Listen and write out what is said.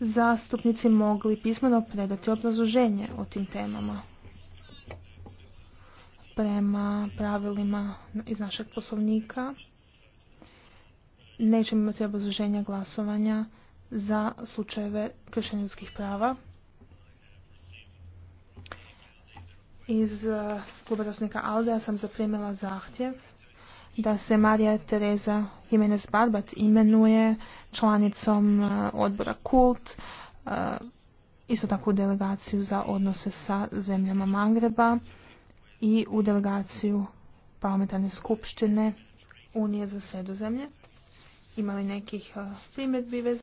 zastupnici mogli pismeno predati obrazloženje o tim temama prema pravilima iz našeg poslovnika nećemo imati obrazloženja glasovanja za slučajeve kršenja ljudskih prava. Iz eh, kluba zastupnika Aldea sam zaprimila zahtjev da se Marija Tereza Jimenez Barbat imenuje članicom e, odbora KULT, e, isto tako u delegaciju za odnose sa zemljama Magreba i u delegaciju parlamentarne skupštine Unije za sredozemlje. Imali nekih e, primjedbi